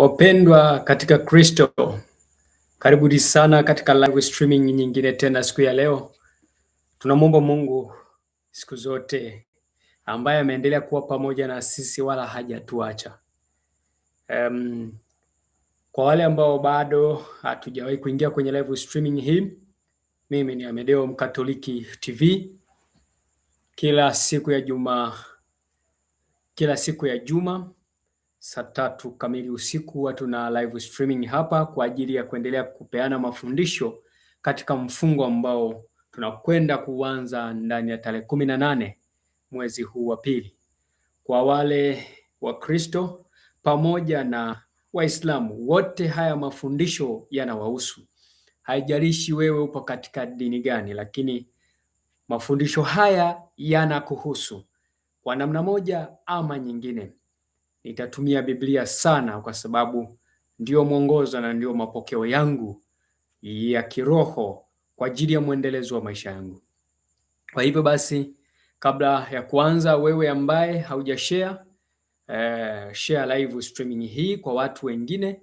Wapendwa katika Kristo, karibuni sana katika live streaming nyingine tena siku ya leo. Tunamwomba Mungu siku zote ambaye ameendelea kuwa pamoja na sisi wala hajatuacha. Um, kwa wale ambao bado hatujawahi kuingia kwenye live streaming hii, mimi ni Amedeo Mkatoliki TV kila siku ya Juma, kila siku ya Juma saa tatu kamili usiku huwa tuna live streaming hapa kwa ajili ya kuendelea kupeana mafundisho katika mfungo ambao tunakwenda kuanza ndani ya tarehe kumi na nane mwezi huu wa pili kwa wale Wakristo pamoja na Waislamu wote, haya mafundisho yanawahusu. Haijalishi wewe upo katika dini gani, lakini mafundisho haya yanakuhusu kwa namna moja ama nyingine. Nitatumia Biblia sana kwa sababu ndio mwongozo na ndio mapokeo yangu ya kiroho kwa ajili ya mwendelezo wa maisha yangu. Kwa hivyo basi, kabla ya kuanza, wewe ambaye share, eh, share live streaming hii kwa watu wengine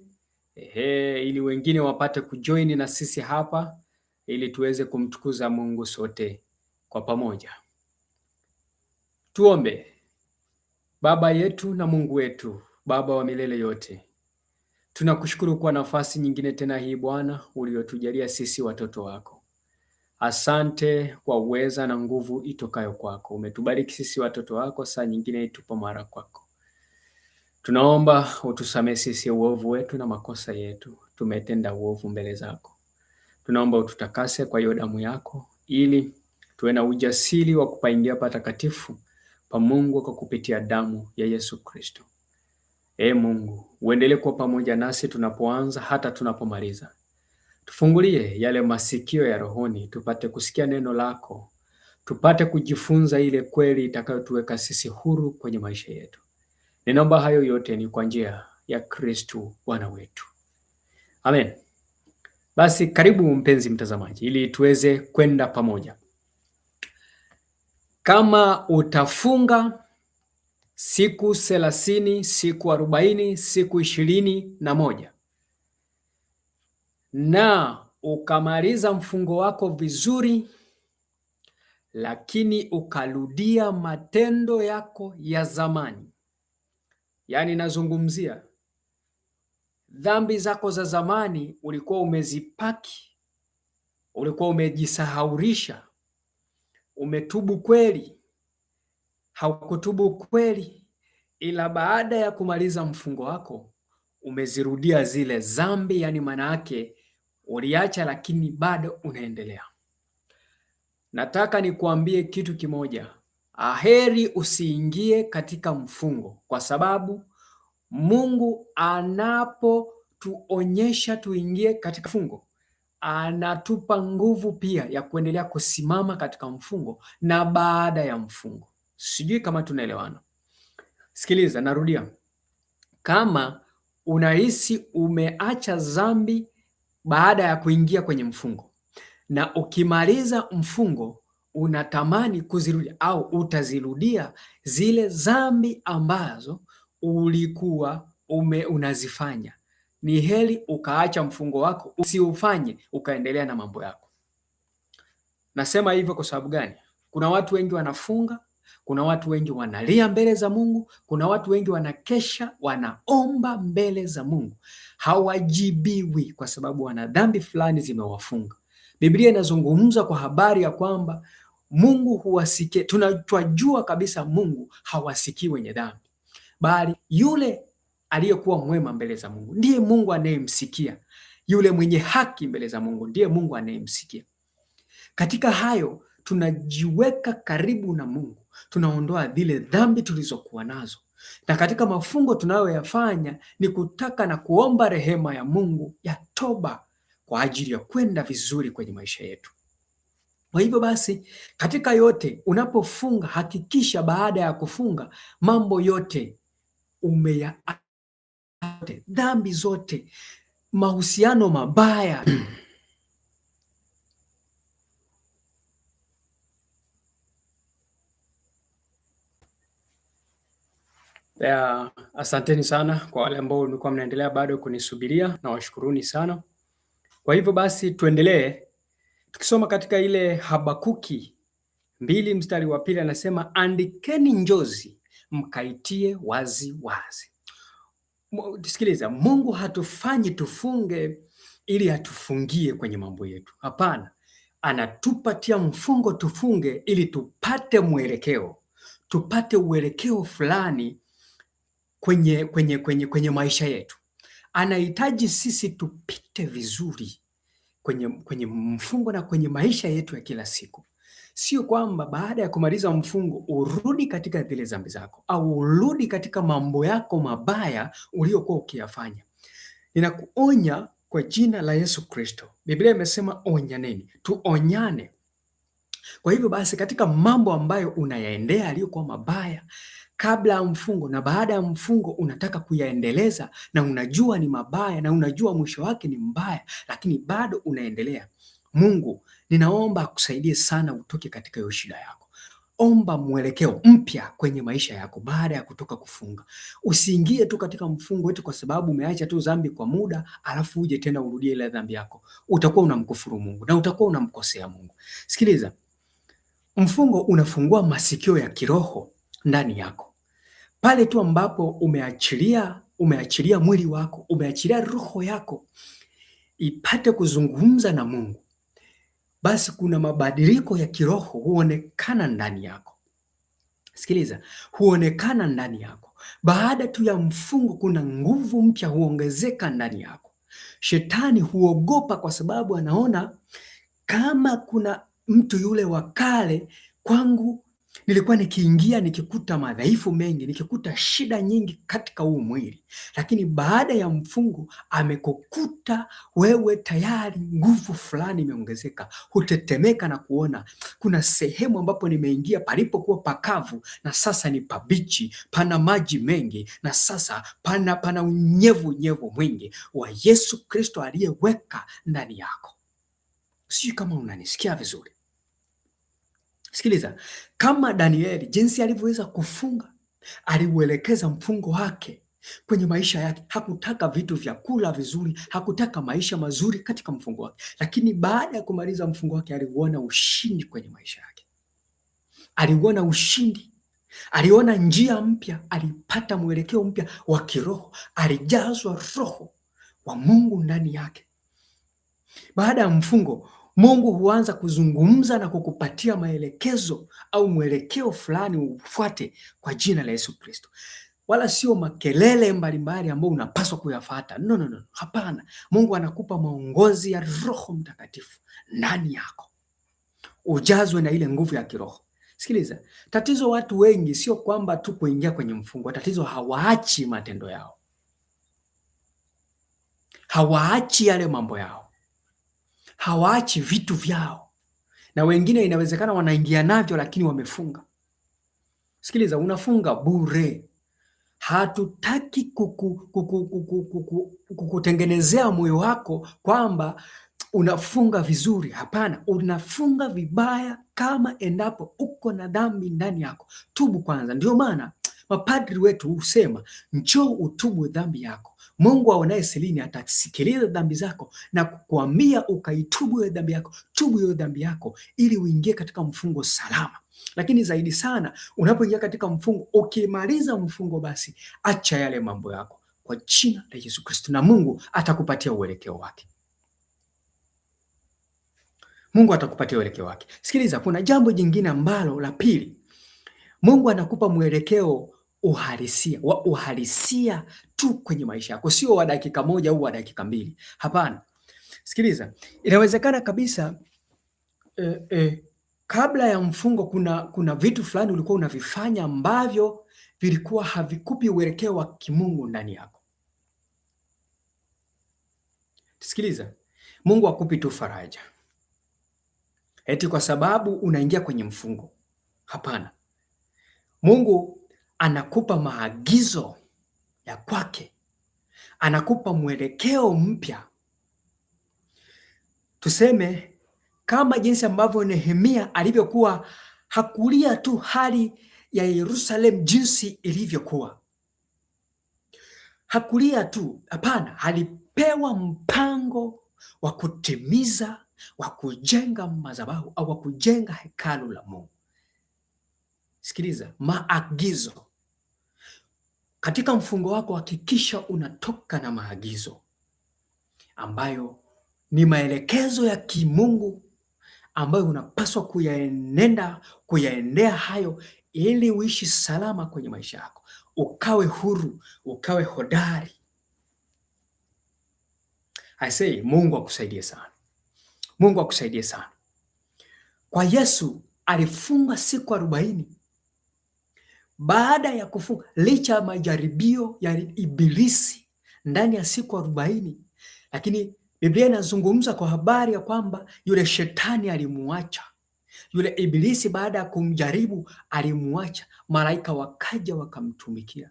ehe, ili wengine wapate kujoin na sisi hapa ili tuweze kumtukuza Mungu sote kwa pamoja. Tuombe. Baba yetu na Mungu wetu, Baba wa milele yote, tunakushukuru kwa nafasi nyingine tena hii Bwana uliyotujalia sisi watoto wako. Asante kwa uweza na nguvu itokayo kwako. Umetubariki sisi watoto wako, saa nyingine itupo mara kwako. Tunaomba utusamee sisi uovu wetu na makosa yetu, tumetenda uovu mbele zako. Tunaomba ututakase kwa hiyo damu yako, ili tuwe na ujasiri wa kupaingia patakatifu pa Mungu kwa kupitia damu ya Yesu Kristo. Ee Mungu, uendelee kuwa pamoja nasi tunapoanza hata tunapomaliza. Tufungulie yale masikio ya rohoni, tupate kusikia neno lako, tupate kujifunza ile kweli itakayotuweka sisi huru kwenye maisha yetu. Ninaomba hayo yote ni kwa njia ya Kristu Bwana wetu, amen. Basi karibu mpenzi mtazamaji, ili tuweze kwenda pamoja. Kama utafunga siku thelathini, siku arobaini, siku ishirini na moja na ukamaliza mfungo wako vizuri, lakini ukarudia matendo yako ya zamani, yaani nazungumzia dhambi zako za zamani, ulikuwa umezipaki, ulikuwa umejisahaurisha umetubu kweli, haukutubu kweli, ila baada ya kumaliza mfungo wako umezirudia zile dhambi, yaani maana yake uliacha, lakini bado unaendelea. Nataka nikuambie kitu kimoja, aheri usiingie katika mfungo, kwa sababu Mungu anapotuonyesha tuingie katika fungo anatupa nguvu pia ya kuendelea kusimama katika mfungo na baada ya mfungo. Sijui kama tunaelewana. Sikiliza, narudia, kama unahisi umeacha dhambi baada ya kuingia kwenye mfungo na ukimaliza mfungo unatamani kuzirudia au utazirudia zile dhambi ambazo ulikuwa ume unazifanya ni heri ukaacha mfungo wako usiufanye ukaendelea na mambo yako. Nasema hivyo kwa sababu gani? Kuna watu wengi wanafunga, kuna watu wengi wanalia mbele za Mungu, kuna watu wengi wanakesha, wanaomba mbele za Mungu, hawajibiwi kwa sababu wana dhambi fulani zimewafunga. Biblia inazungumza kwa habari ya kwamba Mungu huwasikia, tunajua kabisa Mungu hawasikii wenye dhambi, bali yule aliyekuwa mwema mbele za Mungu, ndiye Mungu anayemsikia yule mwenye haki mbele za Mungu, ndiye Mungu anayemsikia. Katika hayo tunajiweka karibu na Mungu, tunaondoa zile dhambi tulizokuwa nazo, na katika mafungo tunayoyafanya ni kutaka na kuomba rehema ya Mungu ya toba kwa ajili ya kwenda vizuri kwenye maisha yetu. Kwa hivyo basi, katika yote unapofunga, hakikisha baada ya kufunga mambo yote umeya zote, dhambi zote, mahusiano mabaya Yeah, asanteni sana kwa wale ambao mlikuwa mnaendelea bado kunisubiria na washukuruni sana. Kwa hivyo basi tuendelee tukisoma katika ile Habakuki mbili mstari wa pili anasema andikeni njozi mkaitie wazi wazi. Sikiliza, Mungu hatufanyi tufunge ili atufungie kwenye mambo yetu. Hapana, anatupatia mfungo tufunge ili tupate mwelekeo, tupate uelekeo fulani kwenye, kwenye, kwenye, kwenye maisha yetu. Anahitaji sisi tupite vizuri kwenye, kwenye mfungo na kwenye maisha yetu ya kila siku. Sio kwamba baada ya kumaliza mfungo urudi katika zile dhambi zako au urudi katika mambo yako mabaya uliyokuwa ukiyafanya. Ninakuonya kwa jina la Yesu Kristo. Biblia imesema onyaneni, tuonyane. Kwa hivyo basi, katika mambo ambayo unayaendea aliyokuwa mabaya kabla ya mfungo na baada ya mfungo, unataka kuyaendeleza na unajua ni mabaya na unajua mwisho wake ni mbaya, lakini bado unaendelea. Mungu ninaomba akusaidie sana utoke katika hiyo shida yako. Omba mwelekeo mpya kwenye maisha yako baada ya kutoka kufunga. Usiingie tu katika mfungo eti kwa sababu umeacha tu dhambi kwa muda, alafu uje tena urudie ile dhambi yako. Utakuwa unamkufuru Mungu na utakuwa unamkosea Mungu. Sikiliza, mfungo unafungua masikio ya kiroho ndani yako, pale tu ambapo umeachilia umeachilia mwili wako umeachilia roho yako ipate kuzungumza na Mungu basi kuna mabadiliko ya kiroho huonekana ndani yako. Sikiliza, huonekana ndani yako. Baada tu ya mfungo, kuna nguvu mpya huongezeka ndani yako. Shetani huogopa kwa sababu anaona kama kuna mtu yule wa kale kwangu Nilikuwa nikiingia nikikuta madhaifu mengi, nikikuta shida nyingi katika huu mwili, lakini baada ya mfungo amekukuta wewe tayari nguvu fulani imeongezeka. Hutetemeka na kuona kuna sehemu ambapo nimeingia palipokuwa pakavu na sasa ni pabichi, pana maji mengi na sasa pana pana unyevu unyevu mwingi wa Yesu Kristo aliyeweka ndani yako. Sijui kama unanisikia vizuri. Sikiliza, kama Danieli jinsi alivyoweza kufunga, aliuelekeza mfungo wake kwenye maisha yake. Hakutaka vitu vya kula vizuri, hakutaka maisha mazuri katika mfungo wake, lakini baada ya kumaliza mfungo wake aliuona ushindi kwenye maisha yake, aliuona ushindi, aliona njia mpya, alipata mwelekeo mpya wa kiroho, alijazwa roho wa Mungu ndani yake. Baada ya mfungo Mungu huanza kuzungumza na kukupatia maelekezo au mwelekeo fulani ufuate kwa jina la Yesu Kristo, wala sio makelele mbalimbali ambayo unapaswa kuyafata. No, no, no, hapana. Mungu anakupa maongozi ya Roho Mtakatifu ndani yako, ujazwe na ile nguvu ya kiroho. Sikiliza, tatizo watu wengi sio kwamba tu kuingia kwenye mfungo, tatizo hawaachi matendo yao, hawaachi yale mambo yao hawaachi vitu vyao, na wengine inawezekana wanaingia navyo, lakini wamefunga. Sikiliza, unafunga bure. Hatutaki kuku, kuku, kuku, kuku, moyo wako kwamba unafunga vizuri. Hapana, unafunga vibaya. Kama endapo uko na dhambi ndani yako, tubu kwanza. Ndio maana mapadri wetu husema njoo utubu dhambi yako. Mungu aonaye silini atasikiliza dhambi zako na kukuambia ukaitubu hiyo dhambi yako. Tubu hiyo dhambi yako ili uingie katika mfungo salama. Lakini zaidi sana, unapoingia katika mfungo, ukimaliza mfungo, basi acha yale mambo yako kwa jina la Yesu Kristo, na Mungu atakupatia uelekeo wake. Mungu atakupatia uelekeo wake. Sikiliza, kuna jambo jingine ambalo la pili, Mungu anakupa mwelekeo uhalisia wa uhalisia tu kwenye maisha yako, sio wa dakika moja au wa dakika mbili. Hapana, sikiliza, inawezekana kabisa eh, eh, kabla ya mfungo kuna, kuna vitu fulani ulikuwa unavifanya ambavyo vilikuwa havikupi uelekeo wa kimungu ndani yako. Sikiliza, Mungu akupi tu faraja eti kwa sababu unaingia kwenye mfungo. Hapana, Mungu anakupa maagizo ya kwake, anakupa mwelekeo mpya. Tuseme kama jinsi ambavyo Nehemia alivyokuwa hakulia tu hali ya Yerusalemu jinsi ilivyokuwa, hakulia tu, hapana, alipewa mpango wa kutimiza wa kujenga madhabahu au wa kujenga hekalu la Mungu. Sikiliza maagizo katika mfungo wako hakikisha unatoka na maagizo ambayo ni maelekezo ya kimungu ambayo unapaswa kuyaenenda kuyaendea hayo, ili uishi salama kwenye maisha yako, ukawe huru, ukawe hodari. I say, Mungu akusaidie sana, Mungu akusaidie sana. Kwa Yesu alifunga siku arobaini baada ya kufunga licha ya majaribio ya Ibilisi ndani ya siku arobaini, lakini Biblia inazungumza kwa habari ya kwamba yule shetani alimuacha yule Ibilisi, baada ya kumjaribu alimuacha, malaika wakaja wakamtumikia.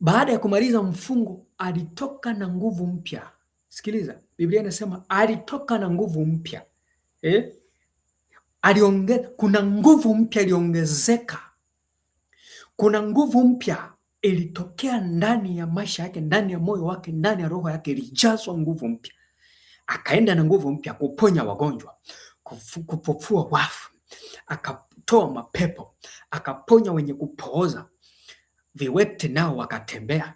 Baada ya kumaliza mfungo alitoka na nguvu mpya. Sikiliza, Biblia inasema alitoka na nguvu mpya eh? alionge, kuna nguvu mpya iliongezeka, kuna nguvu mpya ilitokea ndani ya maisha yake, ndani ya moyo wake, ndani ya roho yake, ilijazwa nguvu mpya. Akaenda na nguvu mpya kuponya wagonjwa, kufufua wafu, akatoa mapepo, akaponya wenye kupooza, viwete nao wakatembea,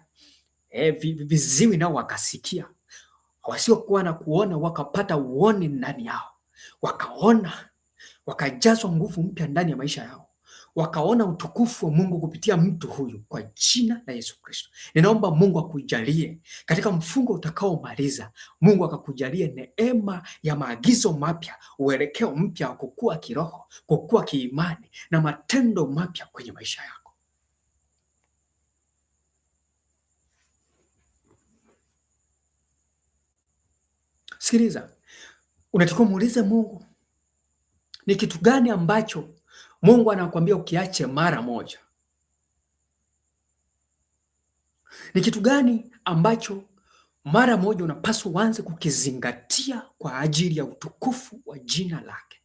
e, viziwi nao wakasikia, wasiokuwa na kuona wakapata uoni ndani yao, wakaona wakajazwa nguvu mpya ndani ya maisha yao wakaona utukufu wa Mungu kupitia mtu huyu kwa jina la Yesu Kristo. Ninaomba Mungu akujalie katika mfungo utakaomaliza, Mungu akakujalie neema ya maagizo mapya, uelekeo mpya wa kukua kiroho, kukua kiimani na matendo mapya kwenye maisha yako. Sikiliza, unatakiwa muulize Mungu ni kitu gani ambacho Mungu anakuambia ukiache mara moja? Ni kitu gani ambacho mara moja unapaswa uanze kukizingatia kwa ajili ya utukufu wa jina lake?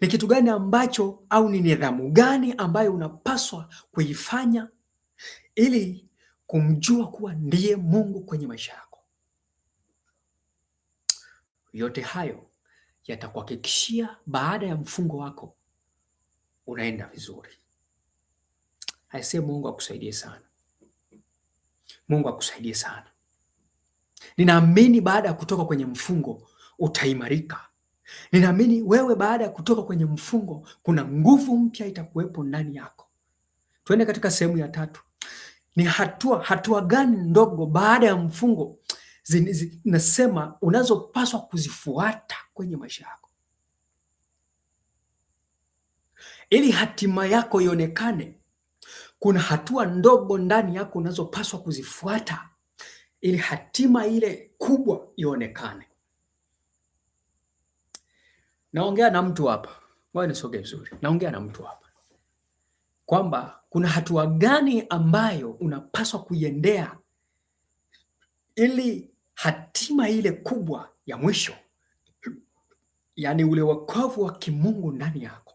Ni kitu gani ambacho au ni nidhamu gani ambayo unapaswa kuifanya ili kumjua kuwa ndiye Mungu kwenye maisha yako? Yote hayo yatakuhakikishia baada ya mfungo wako unaenda vizuri. Aisee, Mungu akusaidie sana, Mungu akusaidie sana. Ninaamini baada ya kutoka kwenye mfungo utaimarika. Ninaamini wewe baada ya kutoka kwenye mfungo kuna nguvu mpya itakuwepo ndani yako. Tuende katika sehemu ya tatu. Ni hatua hatua gani ndogo baada ya mfungo zinasema unazopaswa kuzifuata kwenye maisha yako ili hatima yako ionekane. Kuna hatua ndogo ndani yako unazopaswa kuzifuata ili hatima ile kubwa ionekane. Naongea na mtu hapa, wewe nisogee vizuri. Naongea na mtu hapa kwamba kuna hatua gani ambayo unapaswa kuiendea ili hatima ile kubwa ya mwisho, yaani ule wokovu wa kimungu ndani yako,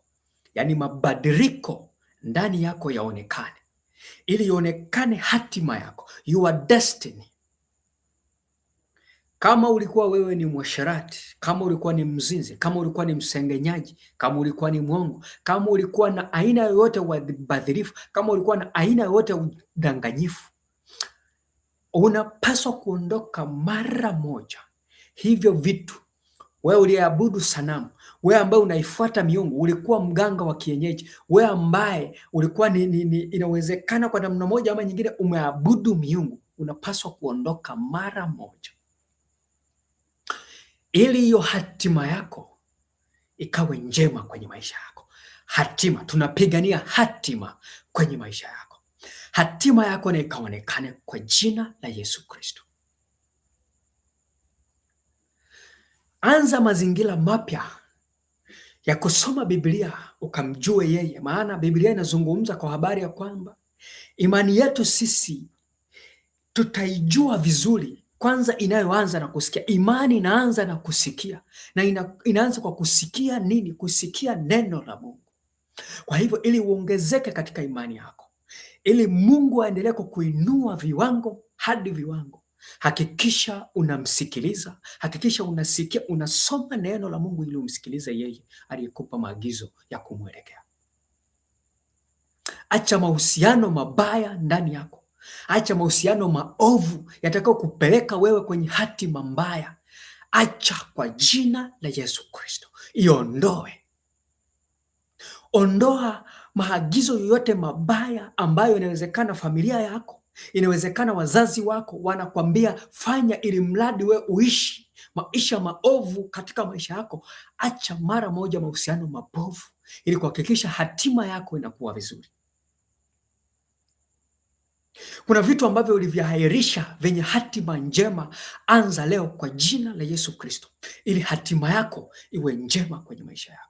yaani mabadiliko ndani yako yaonekane, ili ionekane hatima yako, your destiny. Kama ulikuwa wewe ni mwasherati, kama ulikuwa ni mzinzi, kama ulikuwa ni msengenyaji, kama ulikuwa ni mwongo, kama ulikuwa na aina yoyote wa ubadhirifu, kama ulikuwa na aina yoyote ya udanganyifu unapaswa kuondoka mara moja. Hivyo vitu wewe uliabudu sanamu, wewe ambaye unaifuata miungu, ulikuwa mganga wa kienyeji, wewe ambaye ulikuwa ni, ni, ni, inawezekana kwa namna moja ama nyingine umeabudu miungu, unapaswa kuondoka mara moja, ili hiyo hatima yako ikawe njema kwenye maisha yako. Hatima, tunapigania hatima kwenye maisha yako hatima yako na ikaonekane kwa jina la Yesu Kristo. Anza mazingira mapya ya kusoma Biblia ukamjue yeye, maana Biblia inazungumza kwa habari ya kwamba imani yetu sisi tutaijua vizuri. Kwanza inayoanza na kusikia, imani inaanza na kusikia, na ina, inaanza kwa kusikia nini? Kusikia neno la Mungu. Kwa hivyo ili uongezeke katika imani yako ili Mungu aendelee kukuinua viwango hadi viwango. Hakikisha unamsikiliza, hakikisha unasikia, unasoma neno la Mungu ili umsikilize yeye aliyekupa maagizo ya kumwelekea. Acha mahusiano mabaya ndani yako, acha mahusiano maovu yatakao kupeleka wewe kwenye hatima mbaya. Acha kwa jina la Yesu Kristo, iondoe Ondoa maagizo yoyote mabaya ambayo inawezekana familia yako, inawezekana wazazi wako wanakwambia fanya, ili mradi we uishi maisha maovu katika maisha yako. Acha mara moja mahusiano mabovu, ili kuhakikisha hatima yako inakuwa vizuri. Kuna vitu ambavyo ulivyahairisha vyenye hatima njema, anza leo kwa jina la Yesu Kristo, ili hatima yako iwe njema kwenye maisha yako.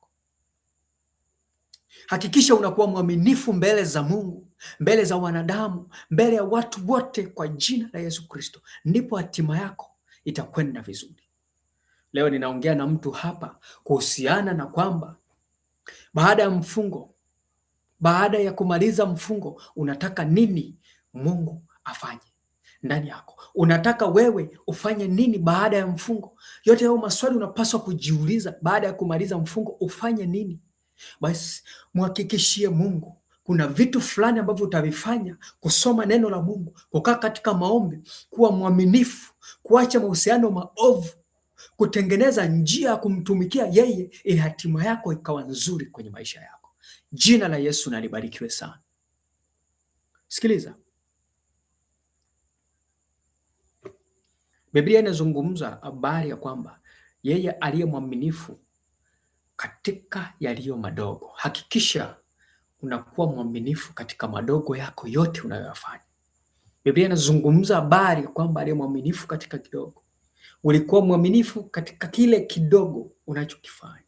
Hakikisha unakuwa mwaminifu mbele za Mungu, mbele za wanadamu, mbele ya watu wote kwa jina la Yesu Kristo, ndipo hatima yako itakwenda vizuri. Leo ninaongea na mtu hapa kuhusiana na kwamba baada ya mfungo, baada ya kumaliza mfungo, unataka nini Mungu afanye ndani yako? Unataka wewe ufanye nini baada ya mfungo? Yote hayo maswali unapaswa kujiuliza. Baada ya kumaliza mfungo, ufanye nini? Basi mhakikishie Mungu kuna vitu fulani ambavyo utavifanya: kusoma neno la Mungu, kukaa katika maombi, kuwa mwaminifu, kuacha mahusiano maovu, kutengeneza njia ya kumtumikia yeye, ili hatima yako ikawa nzuri kwenye maisha yako. Jina la Yesu nalibarikiwe sana. Sikiliza, Biblia inazungumza habari ya kwamba yeye aliye mwaminifu katika yaliyo madogo. Hakikisha unakuwa mwaminifu katika madogo yako yote unayoyafanya. Biblia inazungumza habari kwamba aliye mwaminifu katika kidogo. Ulikuwa mwaminifu katika kile kidogo unachokifanya.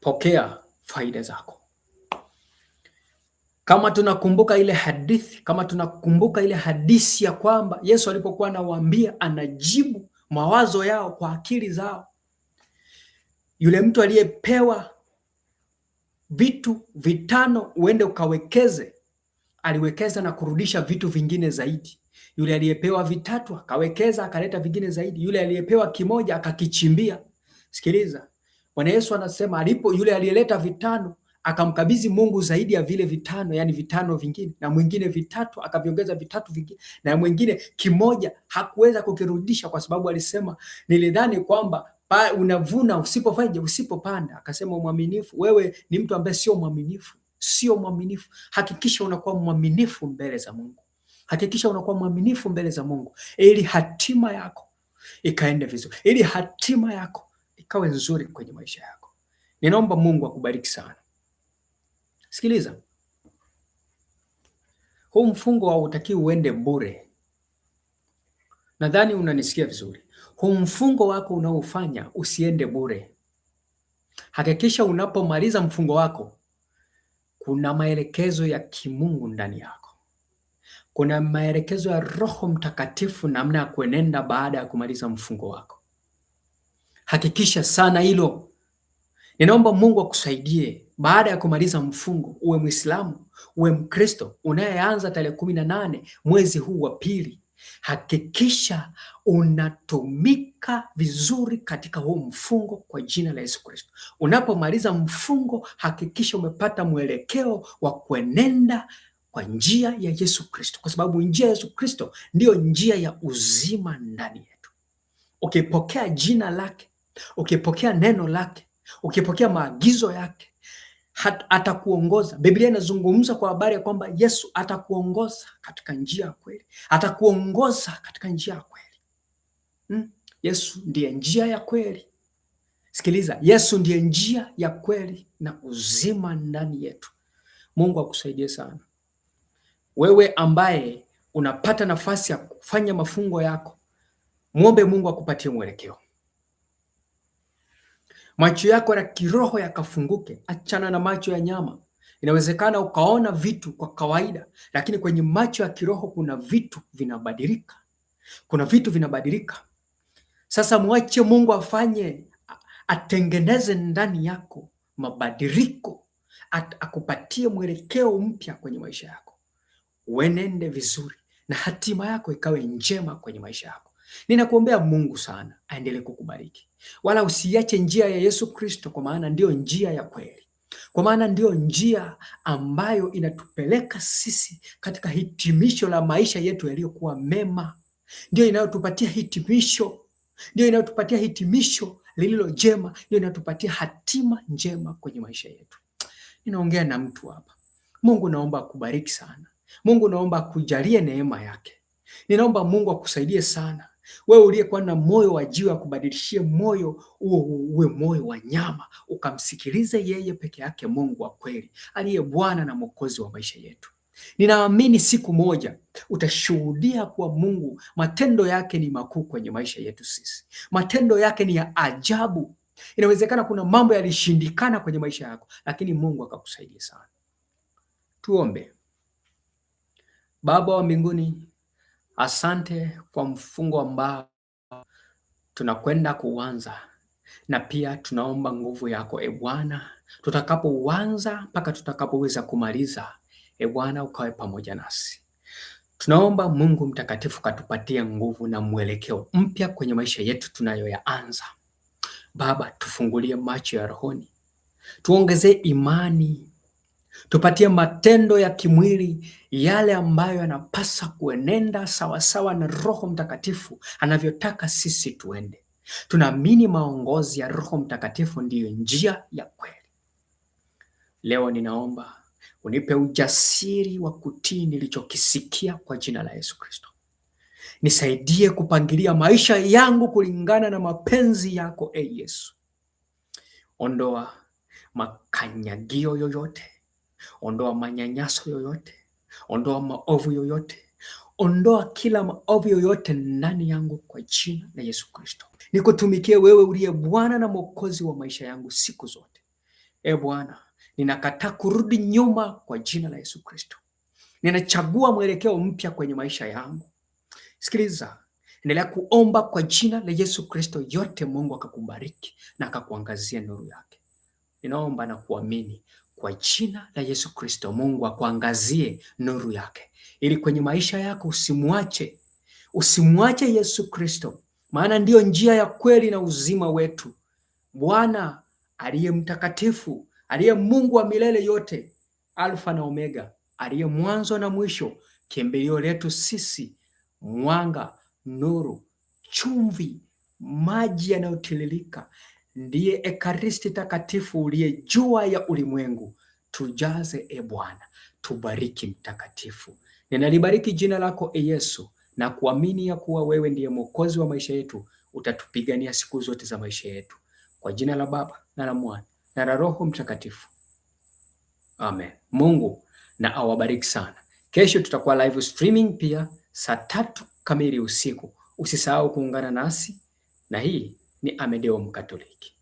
Pokea faida zako. Kama tunakumbuka ile hadithi, kama tunakumbuka ile hadisi ya kwamba Yesu alipokuwa anawaambia, anajibu mawazo yao, kwa akili zao. Yule mtu aliyepewa vitu vitano uende ukawekeze, aliwekeza na kurudisha vitu vingine zaidi. Yule aliyepewa vitatu akawekeza akaleta vingine zaidi. Yule aliyepewa kimoja akakichimbia. Sikiliza, Bwana Yesu anasema alipo yule aliyeleta vitano akamkabidhi Mungu zaidi ya vile vitano, yani vitano vingine na mwingine vitatu, akaviongeza vitatu vingine na mwingine kimoja, hakuweza kukirudisha kwa sababu alisema, nilidhani kwamba unavuna usipofanya usipopanda. Akasema mwaminifu, wewe ni mtu ambaye sio mwaminifu, sio mwaminifu. Hakikisha unakuwa mwaminifu mbele za Mungu, hakikisha unakuwa mwaminifu mbele za Mungu ili hatima yako ikaende vizuri, ili hatima yako ikawe nzuri kwenye maisha yako. Ninaomba Mungu akubariki sana. Sikiliza, huu mfungo hautaki uende bure. Nadhani unanisikia vizuri. Huu mfungo wako unaofanya usiende bure. Hakikisha unapomaliza mfungo wako kuna maelekezo ya kimungu ndani yako, kuna maelekezo ya Roho Mtakatifu namna ya kuenenda baada ya kumaliza mfungo wako. Hakikisha sana hilo. Ninaomba Mungu akusaidie baada ya kumaliza mfungo, uwe Mwislamu uwe Mkristo unayeanza tarehe kumi na nane mwezi huu wa pili, hakikisha unatumika vizuri katika huu mfungo kwa jina la Yesu Kristo. Unapomaliza mfungo, hakikisha umepata mwelekeo wa kuenenda kwa njia ya Yesu Kristo, kwa sababu njia ya Yesu Kristo ndiyo njia ya uzima ndani yetu. Ukipokea jina lake, ukipokea neno lake, ukipokea maagizo yake hat, atakuongoza. Biblia inazungumza kwa habari ya kwamba Yesu atakuongoza katika njia ya kweli, atakuongoza katika njia ya kweli hmm? Yesu ndiye njia ya kweli. Sikiliza, Yesu ndiye njia ya kweli na uzima ndani yetu. Mungu akusaidie sana wewe ambaye unapata nafasi ya kufanya mafungo yako, mwombe Mungu akupatie mwelekeo macho yako ya kiroho yakafunguke. Achana na macho ya nyama. Inawezekana ukaona vitu kwa kawaida, lakini kwenye macho ya kiroho kuna vitu vinabadilika, kuna vitu vinabadilika. Sasa mwache Mungu afanye, atengeneze ndani yako mabadiliko, akupatie mwelekeo mpya kwenye maisha yako, uenende vizuri na hatima yako ikawe njema kwenye maisha yako. Ninakuombea Mungu sana aendelee kukubariki wala usiache njia ya Yesu Kristo, kwa maana ndiyo njia ya kweli, kwa maana ndiyo njia ambayo inatupeleka sisi katika hitimisho la maisha yetu yaliyokuwa mema, ndiyo inayotupatia hitimisho, ndiyo inayotupatia hitimisho lililo jema, ndiyo inayotupatia hatima njema kwenye maisha yetu. Ninaongea na mtu hapa. Mungu naomba akubariki sana. Mungu naomba akujalie neema yake. Ninaomba Mungu akusaidie sana wewe uliyekuwa na moyo wa jiwe akubadilishie moyo uwe, uwe moyo wa nyama, ukamsikilize yeye peke yake, Mungu wa kweli aliye Bwana na Mwokozi wa maisha yetu. Ninaamini siku moja utashuhudia kuwa Mungu matendo yake ni makuu kwenye maisha yetu sisi, matendo yake ni ya ajabu. Inawezekana kuna mambo yalishindikana kwenye maisha yako, lakini Mungu akakusaidia sana. Tuombe. Baba wa mbinguni Asante kwa mfungo ambao tunakwenda kuanza, na pia tunaomba nguvu yako e Bwana, tutakapouanza mpaka tutakapoweza kumaliza, e Bwana ukawe pamoja nasi. Tunaomba Mungu mtakatifu katupatie nguvu na mwelekeo mpya kwenye maisha yetu tunayoyaanza. Baba, tufungulie macho ya rohoni, tuongezee imani tupatie matendo ya kimwili yale ambayo yanapasa kuenenda sawasawa na Roho Mtakatifu anavyotaka sisi tuende. Tunaamini maongozi ya Roho Mtakatifu ndiyo njia ya kweli. Leo ninaomba unipe ujasiri wa kutii nilichokisikia kwa jina la Yesu Kristo. Nisaidie kupangilia maisha yangu kulingana na mapenzi yako, e Yesu. Ondoa makanyagio yoyote Ondoa manyanyaso yoyote, ondoa maovu yoyote, ondoa kila maovu yoyote ndani yangu kwa jina la Yesu Kristo. Nikutumikie wewe uliye Bwana na Mwokozi wa maisha yangu siku zote. E Bwana, ninakataa kurudi nyuma kwa jina la Yesu Kristo. Ninachagua mwelekeo mpya kwenye maisha yangu. Sikiliza, endelea kuomba kwa jina la Yesu Kristo yote. Mungu akakubariki na akakuangazia nuru yake. Ninaomba na kuamini kwa jina la Yesu Kristo, Mungu akuangazie nuru yake, ili kwenye maisha yako usimwache, usimwache Yesu Kristo, maana ndiyo njia ya kweli na uzima wetu. Bwana aliye mtakatifu, aliye Mungu wa milele yote, Alfa na Omega, aliye mwanzo na mwisho, kimbilio letu sisi, mwanga, nuru, chumvi, maji yanayotiririka ndiye Ekaristi Takatifu uliye jua ya ulimwengu. Tujaze e Bwana, tubariki Mtakatifu. Ninalibariki jina lako e Yesu, na kuamini ya kuwa wewe ndiye mwokozi wa maisha yetu, utatupigania siku zote za maisha yetu, kwa jina la Baba na la Mwana na la Roho Mtakatifu, amen. Mungu na awabariki sana. Kesho tutakuwa live streaming pia saa tatu kamili usiku. Usisahau kuungana nasi na hii ni Amedeo Mkatoliki.